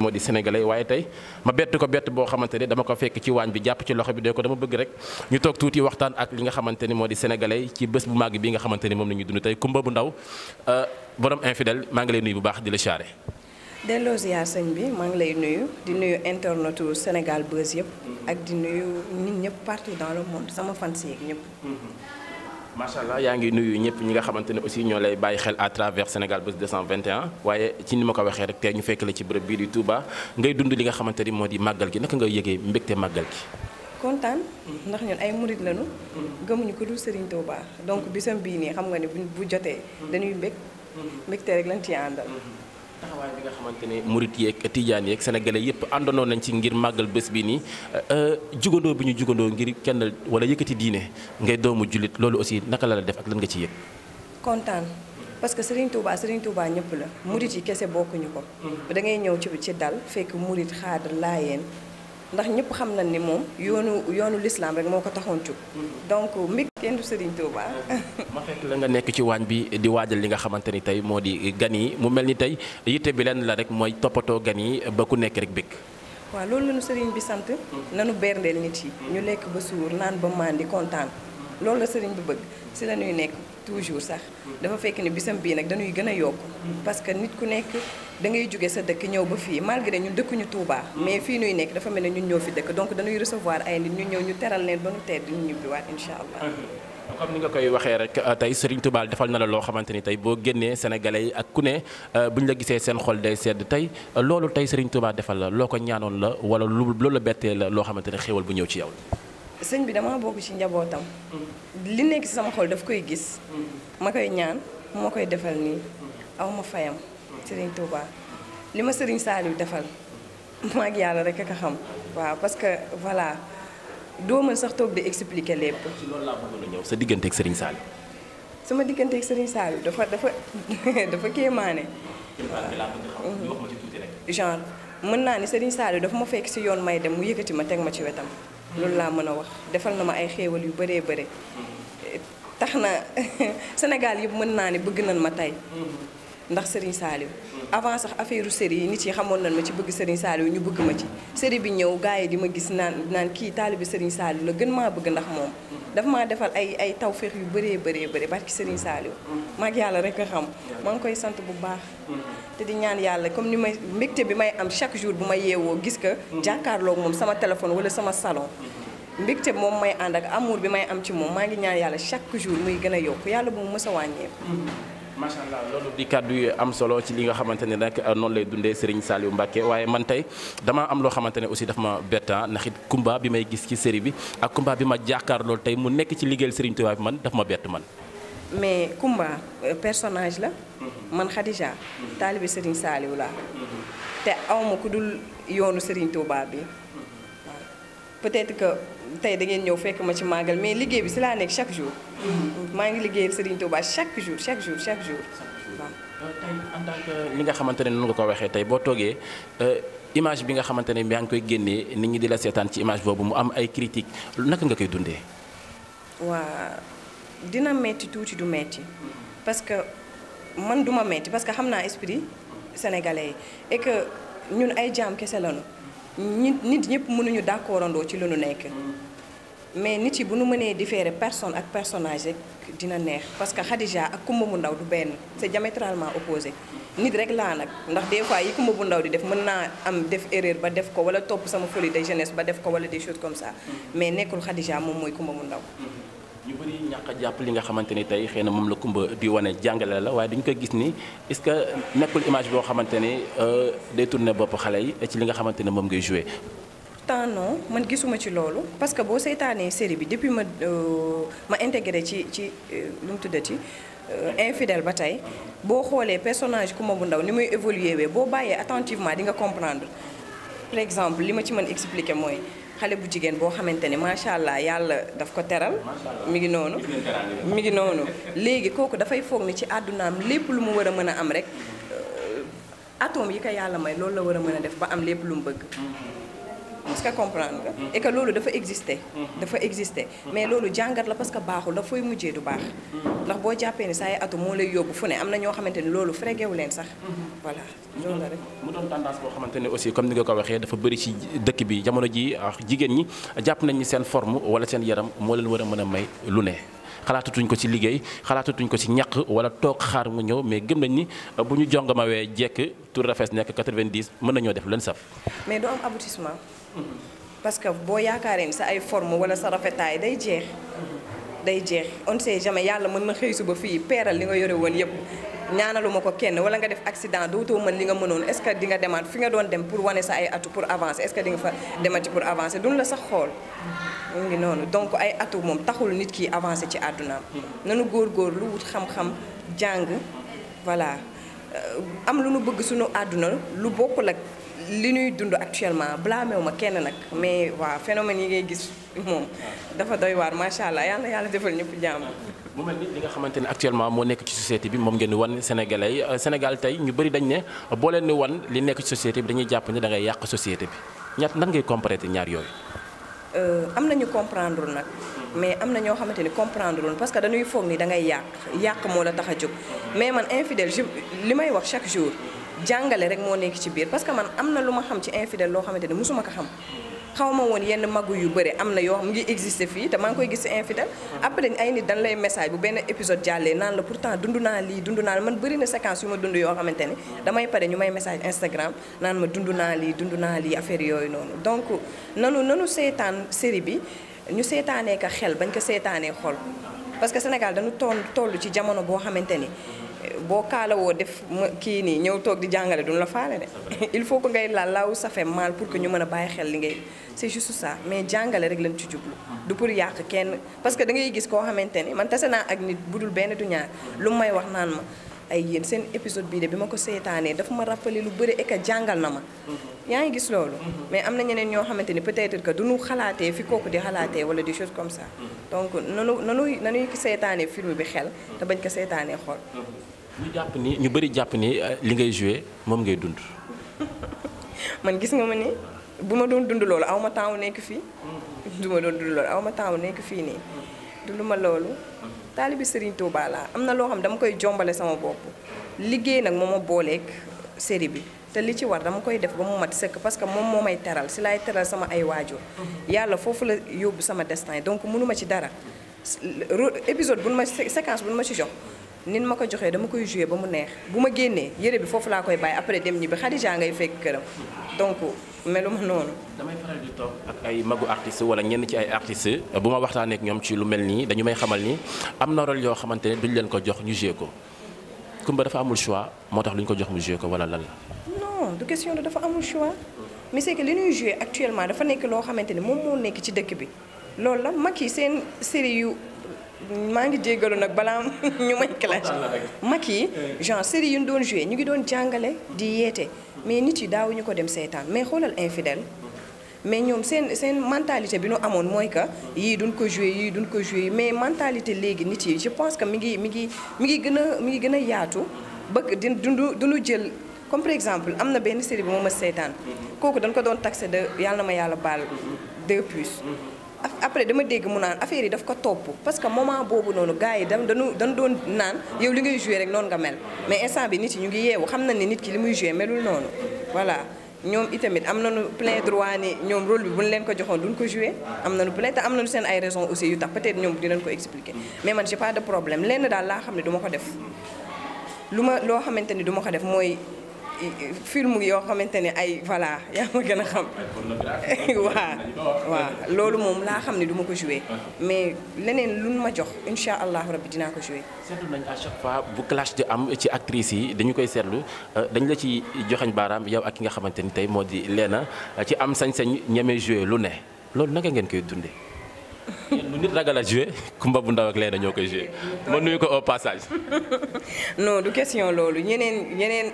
moo di sénégalais waaye tey ma bett ko bett boo xamante ne dama ko fekk ci waañ bi jàpp ci loxo bi dee ko dama bëgg rek ñu toog tuuti waxtaan ak li nga xamante ni moo di sénégalais ci bés bu màgg bi nga xamante ni moom la ñuy dund tey Kumba bu ndaw euh, borom infidèle maa ngi lay nuyu bu baax di la siyaare delloo ziar sëñ bi maa ngi lay nuyu di nuyu internetu Sénégal Buzz yëpp ak di nuyu nit ñëpp partout dans le monde sama fans yi ñëpp mm-hmm. macha allah yaa ngi nuyu ñëpp ñi nga xamante ne aussi ñoo lay bàyyi xel à travers Sénégal Buzz 221 waaye ci ni ma ko waxee rek tey ñu fekk la ci bërëb bii di Touba ngay dund li nga xamante ni moo di màggal gi naka nga yëgee mbégte màggal gi. kontaan mm-hmm. ndax ñun ay murit lañu. Mm-hmm. gëmuñu ko dul Serigne Touba donc bisam bii nii xam nga ne bu jotee. Mm-hmm. dañuy mbég mbégte rek lañ ci àndal. taxawaay bi nga xamante ne murit yeeg tijaan yeeg yëpp àndandoo nañ ci ngir màggal bés bi nii euh, jugandoo bi ñu jugandoo ngir kenn wala yëkkati diine ngay doomu jullit loolu aussi naka la la def ak lan nga ci yëg. kontaan parce que Serigne Touba Serigne Touba ñëpp la murit yi kese bokkuñu ko. Mm. da ngay ñëw ci ci dal fekk murit laa laayeen ndax ñëpp xam nañ ni moom yoonu yoonu lislaam rek moo ko taxoon cug mm-hmm. donc mbig kenn du Serigne Touba. ma la nga nekk ci waañ bi di waajal li nga xamante ni tey moo di gan yi mu mel ni tey yitte bi lenn la rek mooy toppatoo gan yi ba ku nekk rek bëgg. waaw loolu lañu sëriñ bi sant mm-hmm. nanu berndeel nit yi ñu mm-hmm. lekk ba suur naan ba màndi kontaan loolu la sëriñ bi bëgg si la ñuy nekk toujours sax dafa fekk ne bisam bii nag dañuy gën a yokk parce que nit ku nekk da ngay jóge sa dëkk ñëw ba fii malgré ñun dëkkuñu Touba mais fii nuy nekk dafa mel ne ñu ñëw fi dëkk donc dañuy recevoir ay nit ñu ñëw ñu teral leen ba nu tedd ñu ñibbiwaat incha allah mm-hmm. comme ni nga koy waxee rek euh, tey Serigne Touba defal na la loo xamante ni tey boo génnee sénégalais ak ku ne euh, bu ñu la gisee seen xol day sedd tey euh, loolu tey Serigne Touba defal la loo ko ñaanoon la wala lu loolu la loo xamante ne xéwal bu ñëw ci yow sëñ bi dama bokk ci njabootam. li nekk ci sama xol daf koy gis. ma koy ñaan moo koy defal nii. aw ma fayam. seriñ Touba li ma sëriñ Saliou defal maa ak yàlla rek a xam waaw parce que voilà doo mën sax toog di expliquer lépp. ci loolu a sa diggante ak sëriñ Saliou. sama diggante ak sëriñ Saliou dafa dafa dafa kéemaane. Mhm. genre mën naa ni seriñ Saliou dafa ma fekk si yoon may dem mu yëkkati ma teg ma ci wetam. loolu laa mën a wax defal na ma ay xéewal yu bëree bëri mm-hmm. tax na Sénégal yëpp mën naa ne bëgg nañ ma tey mm-hmm. ndax Serigne Saliou avant sax affaire série yi nit yi xamoon nañ ma ci bëgg Serigne Saliou ñu bëgg ma ci série bi ñëw gars yi di ma gis naan naan kii taalibe Serigne Saliou la gën maa bëgg ndax moom dafa maa defal ay ay tawféex yu bëree bëree bëri barki Serigne Saliou maag yàlla rek a xam maa ngi koy sant bu baax te di ñaan yàlla comme ni may mbégte bi may am chaque jour bu ma yeewoo gis que jàkkaarloog moom sama téléphone wala sama salon mbégte moom may ànd ak amour bi may am ci moom maa ngi ñaan yàlla chaque jour muy gën a yokk yàlla bu mu mës a macha allah loolu di kàddu yu am solo ci li nga xamante ne nag euh, noonu lay dundee Serigne Saliou Mbacké waaye man tey damaa am loo xamante ne aussi daf ma bett ah, ndax it kumba bi may gis ci série bi ak kumba bi ma jàkkaar loolu tey mu nekk ci liggéeyal Serigne Touba bi man daf ma bett man. mais Kumba euh, personnage la. Mhm. man Khadija. Mhm. taalibe Serigne Saliou laa. Mhm. te awma ku dul yoonu sëriñ Touba bi. peut que. tey da ngeen ñëw fekk ma ci màggal mais liggéey bi si laa nekk chaque jour. Mm-hmm. maa ngi liggéeyal Serigne Touba chaque jour chaque jour chaque jour. waaw li euh, nga xamante ne noonu nga ko waxee tey boo toogee. Euh, image bi nga xamante ne yaa ngi koy génnee nit ñi di la seetaan ci image boobu mu am ay critique naka nga koy dundee. waa dina metti tuuti du metti mm-hmm. parce que man duma metti parce que xam naa esprit sénégalais yi et ñun ay jaam kese lañu. nit nit ñëpp mënuñu d'accordandoo ci lu nu nekk mais nit yi bu nu mënee difeere personne ak personnage rek dina neex parce que Khadija ak Kumba bu ndaw du benn c'est diamétralement opposé nit rek laa nag ndax des fois yi Kumba bu ndaw di def mën naa am def erreur ba def ko wala topp sama folie de jeunesse ba def ko wala de choses comme ça mm-hmm. mais nekkul Khadija moom mooy Kumba bu ndaw mm-hmm. ñu bëri ñàkk jàpp li nga xamante ni tey xëy na moom la kumba di wane jàngale la waaye dañu koy gis ni est-ce que nekkul image boo xamante ni euh, day tourner bopp xale yi ci li nga xamante ne moom ngay joué. pourtant non man gisuma ci loolu parce que boo seytaanee série bi depuis ma euh, ma intégré ci ci lu euh, mu tuddati infidèle ba tey boo xoolee personnage Coumba bu ndaw ni muy évoluer wee boo bàyyee attentivement di nga comprendre. par exemple li ma ci mën expliquer mooy xale bu jigéen boo xamante ne macha allah yàlla daf ko teral mi ngi noonu mi ngi noonu léegi kooku dafay foog ne ci àddunaam lépp lu mu war a mën a am rek euh, atome yi ko yàlla may loolu la war a mën a def ba am lépp lu mu bëgg mm-hmm. est-ce que comprendre nga. Mm-hmm. loolu dafa exister. Mm-hmm. dafa exister mm-hmm. mais loolu jàngat la parce que baaxul la fooy mujjee du baax. ndax boo jàppee ni saa yi atu moo lay yóbbu fu ne am na ñoo xamante ni loolu frégewu leen sax. mu doon tendance boo xamante ne aussi comme ni nga ko waxee dafa bëri ci dëkk bi jamono ji ah, jigéen ñi jàpp nañ ni seen forme wala seen yaram moo leen war a mën a may lu ne. xalaatatuñ ko ci liggéey xalaatatuñ ko ci ñaq wala toog xaar mu ñëw mais gën nañ ni ah, bu ñu jongamawee jekk tour rafes nekk 90 mën nañoo def leen saf. parce que boo yaakaaree ni sa ay forme wala sa rafetaay day jeex day jeex on sait jamais yàlla mën na xëy suba fii peeral li nga yore woon yëpp ñaanaluma ko kenn wala nga def accident dootoo mën li nga mënoon est-ce que di nga demaat fi nga doon dem pour wane sa ay atu pour avancer est-ce que di nga pour avancer duñ la sax xool mu ngi noonu donc ay atu moom taxul nit ki avancer ci àddunaam nanu góorgóor lu wut xam-xam jàng voilà euh, am lu nu bëgg sunu àdduna lu bokkul li nuy dund actuellement blâmé wu ma kenn nag mais waa phénomène yi ngay gis moom dafa doy waar macha allah yàlla yàlla defal ñëpp jàmm. mu mel li nga xamante ne actuellement moo nekk ci société bi moom ngeen di wan Sénégalais yi euh, Sénégal tey ñu bëri dañ ne boo leen di li nekk ci société bi dañuy jàpp ni da ngay yàq société bi ñaat nan ngay comparer ñaar yooyu. Euh, am nañu comprendre nag mais am na ñoo xamante ni comprendre lul parce que dañuy foog ni da ngay yàq yàq moo la tax a jóg mais man infidèle li may wax chaque jour. jàngale rek moo nekk ci biir parce que man am na lu ma xam ci infidèle loo xamante ne mosuma ko xam xaw ma woon yenn magu yu bëri am na yoo xam ngi existe fii te maa ngi koy gis ci infidèle après ay nit dañ lay message bu benn épisode jàllee naan la pourtant dund naa lii dund naa man bëri na séquence yu ma ne damay pare ñu may message Instagram naan ma dund naa lii dund naa affaire yooyu noonu donc nanu nanu seetaan série bi ñu seetaanee ko xel bañ ko seetaanee xol parce que Sénégal dañu toll toll ci jamono boo xamante ni boo kaalawoo def kii nii ñëw toog di jàngale duñ la faale de il faut que ngay laal laaw ça fait pour que ñu mën a bàyyi xel li ngay c'est juste ça mais jàngale rek lañ ci jublu. du pour yàq kenn parce que da ngay gis koo xamante ni man tase naa ak nit bu dul benn du ñaar lu may wax naan ma. ay yéen seen épisode bii de bi ma ko seetaanee dafa ma rappelé lu bëri et jàngal na ma. Mhm. yaa ngi gis loolu. Mhm. mais am na ñeneen ñoo xamante ni peut-être que du ñu xalaatee fi kooku di xalaatee wala des choses comme sax mhm. donc nanu nanu ki seetaanee film bi xel. te bañ ko seetaanee xool. ñu jàpp ni ñu bari jàpp ni euh, li ngay joué moom ngay dund. man gis nga ma ni bu ma doon dund loolu aw ma taaw nekk fii. du ma doon dund loolu aw ma taaw nekk fii nii. du lu ma loolu. taalibi Serigne Touba laa am na loo xam dama koy jombale sama bopp liggéey nag moo ma booleeg série bi te li ci war dama koy def ba mu mat sëkk parce que moom moo may teral si laay teral sama ay waajur. Mhm. yàlla foofu la yóbbu sama destin donc mënuma ci dara épisode bu nu ma séquence bu nu ma ci jox. nin ma ko joxee dama koy joué ba mu neex bu ma génnee yére bi foofu laa koy bàyyi après dem ñibbi Khadija ngay fekk këram donc meluma noonu. damay faral di toog ak ay magu artistes wala ñenn ci ay artistes bu ma waxtaanee ak ñoom ci lu mel nii dañu may xamal ni am na rôle yoo xamante ne du ñu leen ko jox ñu joué ko Coumba dafa amul choix moo tax luñ ko jox mu joué ko wala lan la. non du question de dafa amul choix mais li ñuy joué actuellement dafa nekk loo xamante ne moom moo nekk ci dëkk bi loolu la mag yi seen série maa ngi jéggalu nag balaa ñu may clash mag yi eh. genre série yu ñu doon joué ñu ngi doon jàngale di yeete mais nit yi daawuñu ko dem seetaan mais xoolal infidèle mais ñoom seen seen mentalité bi nu amoon mooy que yii duñ ko joué yii duñ ko joué mais mentalité léegi nit yi je pense que mi ngi mi ngi mi ngi gën a mi ngi gën a yaatu bëgg di dundu duñu jël comme par exemple am na benn série bi moom a seetaan mm-hmm. kooku dañ ko doon taxé de yàlla ma yàlla baal de puces mm-hmm. après dama dégg mu naan affaire yi daf ko topp parce que moment boobu noonu gars yi dañu dañu doon naan yow li ngay joué rek noonu nga mel mais instant bi nit yi ñu ngi yeewu xam na ne nit ki li muy joué melul noonu voilà ñoom itamit am nañu plein droit ni ñoom role bi bu ñu leen ko joxoon duñ ko joué am na plein te am nañu seen ay raisons aussi yu tax peut-être ñoom dinañ ko expliquer mais man j'ai pas de problème lenn daal laa xam ne du ko lu ma loo xamante ni du ma ko def mooy film yoo xamante ne ay voilà yaa ma gën a xam. waaw waaw loolu moom laa xam ne du ma ko joué. Ah. mais leneen luñ ma jox incha allah rabbi dinaa ko joué. nañ à chaque bu clash di am ci actrices yi dañu koy seetlu euh, dañ la ci joxeñ baaraam yow ak ki nga xamante ni tey moo di Léna ci am sañ-sañ ñeme joué lu ne loolu naka ngeen koy dunde lu nit ragal a joué Kumba bu ndaw ak Leena ñoo koy joué ma nuyu ko au passage. du question loolu ñeneen ñeneen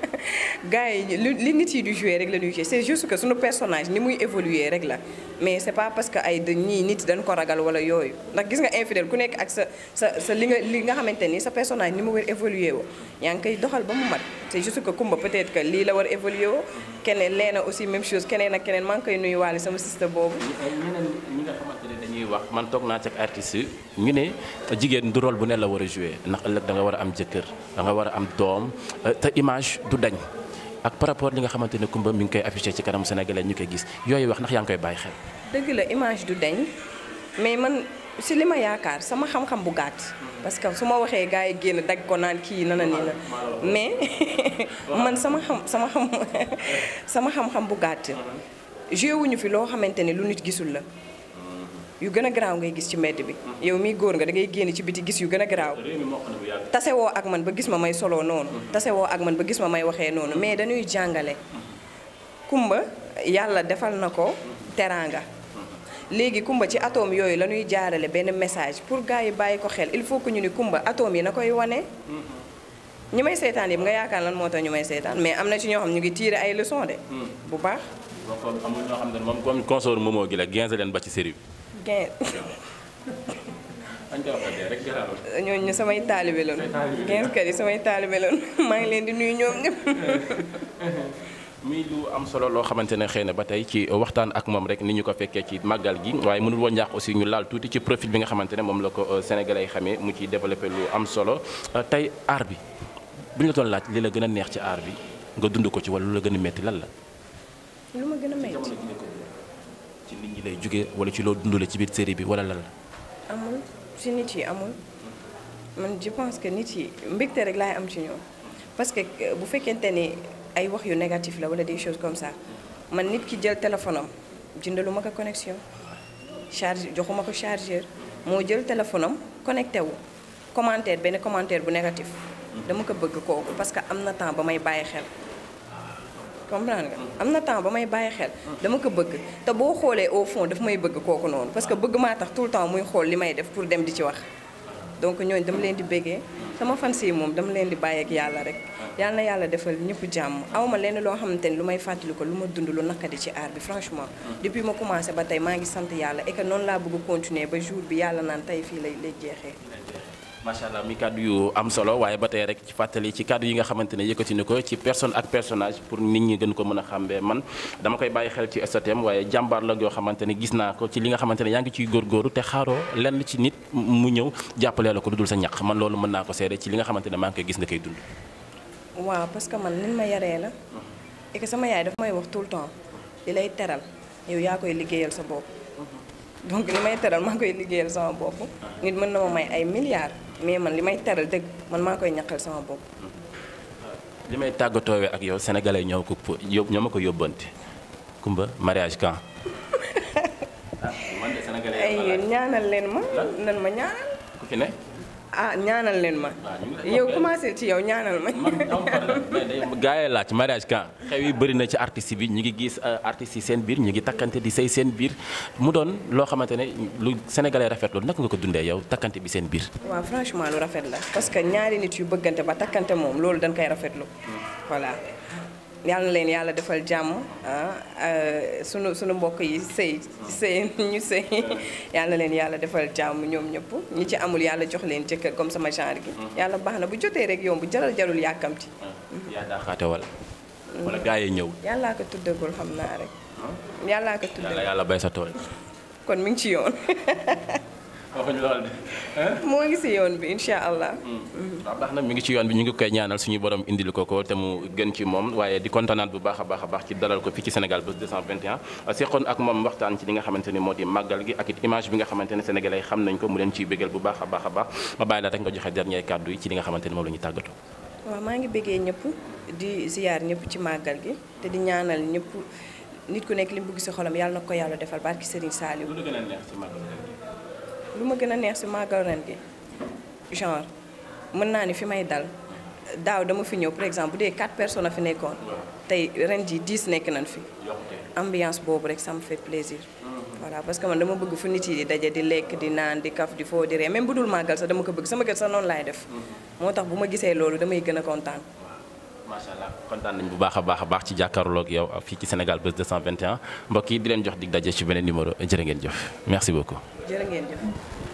gars yi li nit yi du joué rek la ñuy joué c'est juste que suñu personnage ni muy évoluer rek la mais c'est pas parce que ay da ñii nit dañ ko ragal wala yooyu ndax gis nga infidèle ku nekk ak sa sa li nga li nga xamante ni sa personnage ni mu war évoluer woo yaa ngi koy doxal ba mu mat c'est juste que Kumba peut-être que lii la war évoluer woo keneen Leena aussi même chose keneen ak keneen maa ngi koy nuyuwaale sama sister boobu. ñeneen wax man toog naa ci ak ñu ne jigéen du rôle bu ne la war a jouer ndax ëllëg da nga war a am jëkkër danga war a am doom euh, te image du dañ ak par rapport li nga xamante ne Coumba mi ngi koy affiché ci kanamu Sénégalais ñu koy gis yooyu wax ndax yaa ngi koy bàyyi xel. dëgg la image du dañ mais man si li ma yaakaar sama xam-xam bu gàtt. parce que su ma waxee gars yi génn dagg ko naan kii nana nii la mais man sama xam sama xam sama xam-xam bu gàtt. joué wuñu fi loo xamante ne lu nit gisul la. yu gën a garaaw ngay gis ci mbedd bi yow mi góor nga dangay génn ci biti gis yu gën a garaaw tasewoo ak man ba gis ma may soloo noonu mm-hmm. tasewoo ak man ba gis ma may waxee noonu mm-hmm. mais dañuy jàngale mm-hmm. kumba yàlla defal na ko teraanga léegi kumba ci atome yooyu la ñuy jaarale benn message pour gars yi bàyyi ko xel il faut que ñu ni kumba atome yi na koy wane ñi may seetaan yëpp nga yaakaar lan moo tax ñu may seetaan mais am na ci ñoo xam ñu ngi tiire ay leçon de mm. bu baax amul ñoo xam ne moom comme consort moomoo gi la ginze ci série 15. ñooñu samay taalibe loon samay taalibe loon maa ngi leen di nuyu ñoom ñëpp. muy lu am solo loo xamante ne xëy na ba tey ci waxtaan ak moom rek ni ñu ko fekkee ci màggal gi waaye mënul woon ñaax aussi ñu laal tuuti ci profil bi nga xamante ne moom la ko euh, sénégalais yi xamee mu ci développé lu am solo euh, tey aar bi bu ñu la doon laaj li la gën a neex ci aar bi nga dund ko ci wala lu la gën a metti lan la. lay jóge wala ci loo dundale ci biir série bi wala lan la. amul ci nit yi amul man je pense que nit yi mbégte rek laay am ci ñoom parce que euh, bu fekkente ni ay wax yu négatif la wala des choses comme ça man nit ki jël téléphone am jëndalu ma ko connexion charge joxuma ko chargeur moo jël téléphone am connecté wu commentaire benn commentaire bu négatif. dama ko bëgg kooku parce que am na temps ba may bàyyi xel. comprendre nga am na temps ba may bàyyi xel dama ko bëgg te boo xoolee au fond daf may bëgg kooku noonu parce que bëgg maa tax tout le temps muy xool li may def pour dem di ci wax donc ñooñ dama leen di bëggee sama fans yi moom dama leen di bàyyi ak yàlla rek yàlla yàlla defal ñëpp jàmm awma lenn loo xamante ni lu may fàttali ko lu ma dund lu naqadi ci aar bi franchement depuis ma commencé ba tey maa ngi sant yàlla et que noonu laa bëgg continuer ba jour bi yàlla naan fii lay lay jeexee macha allah muy kàddu yu am solo waaye ba tey rek ci fàttali ci kàddu yi nga xamante yëkkati na ko ci personne ak personnage pour nit ñi gën ko mën a xàmbee man dama koy bàyyi xel ci STM waaye jàmbaar la yoo xamante ne gis naa ko ci li nga xamante ne yaa ngi ciy nit ma yaree la et sama yaay dafa may wax tout temps mhm. li may teral maa koy liggéeyal sama bopp nit mën na ma may ay milliards mais man li may teral dëgg man maa koy ñaqal sama bopp. li may tàggatoowee ak yow sénégalais ñoo ko ñoo ma ko yóbbante Kumba mariage quand. Ah, man ñaanal leen ma nan ma ñaanal. ku fi ne. ah ñaanal leen ma. Ah, yow commencé ci yow ñaanal ma. gaa yi laaj mariage quand xew yi bëri na ci artist bi ñu ngi gis euh, artistes yi seen biir ñu ngi takkante di sëy seen biir mu doon loo xamante ne lu sénégalais rafet loolu naka nga ko dundee yow takkante bi seen biir. waaw franchement lu rafet la parce que ñaari nit yu bëggante ba takkante moom loolu dañ koy rafetlu hmm. voilà. yal na leen yàlla defal jàmm ah, euh, sunu sunu mbokk yi sëy sëy ñu sëy yal na leen yàlla defal jàmm ñoom ñëpp ñi ci amul yàlla jox leen jëkkër comme sama genre gi mm-hmm. yàlla baax na bu jotee rek yomb jaral jarul yàkkamti ah, mm-hmm. yaa daaxaate wala mm-hmm. wala gaa yi ñëw yàllaa ko tuddagul xam naa rek ah. yàllaa ko tuddagul yàlla bay sa tool kon mu ngi ci yoon waxuñu oh, lool moo ngi yoon bi incha allah. Hmm. Ah, baax na mi ngi ci yoon bi ñu ngi koy ñaanal suñu borom indil ko ko te mu gën ci moom waaye di kontaanaat bu baax a baax a baax ci dalal ko fii ci Sénégal Buzz 221. Ah, seqoon ak moom waxtaan ci li nga xamante ni moo di màggal gi ak it image bi nga xamante ne sénégalais xam nañ ko mu leen ciy bégal bu baax a baax a baax ma bàyyi la rek nga joxe dernier kàddu yi ci li nga xamante moom la ñuy tàggatoo. maa ngi bëggee ñëpp di ziyaar gi te di ñaanal ñëpp nit ku nekk li mu bëgg si ko yàlla defal lu ma gën a neex si màggal ren gi genre mën naa ni fi may dal daaw dama fi ñëw par exemple bu dee quatre personnes a fi nekkoon tey ren ji diis nekk nañ fi ambiance boobu rek ça me fait plaisir voilà parce que man dama bëgg fu nit yi di daje di lekk di naan di kaf di foo di ree même bu dul màggal sax dama ko bëgg sama gën sax noonu laay def moo tax bu ma gisee loolu damay gën a kontaan macha allah kontaan nañ bu baax a baax a baax ci jàkkaarloog yow fii ci Sénégal Buzz 221 mbokk yi di leen jox dig daje ci beneen numéro jërë ngeen jëf merci beaucoup. jërë ngeen jëf.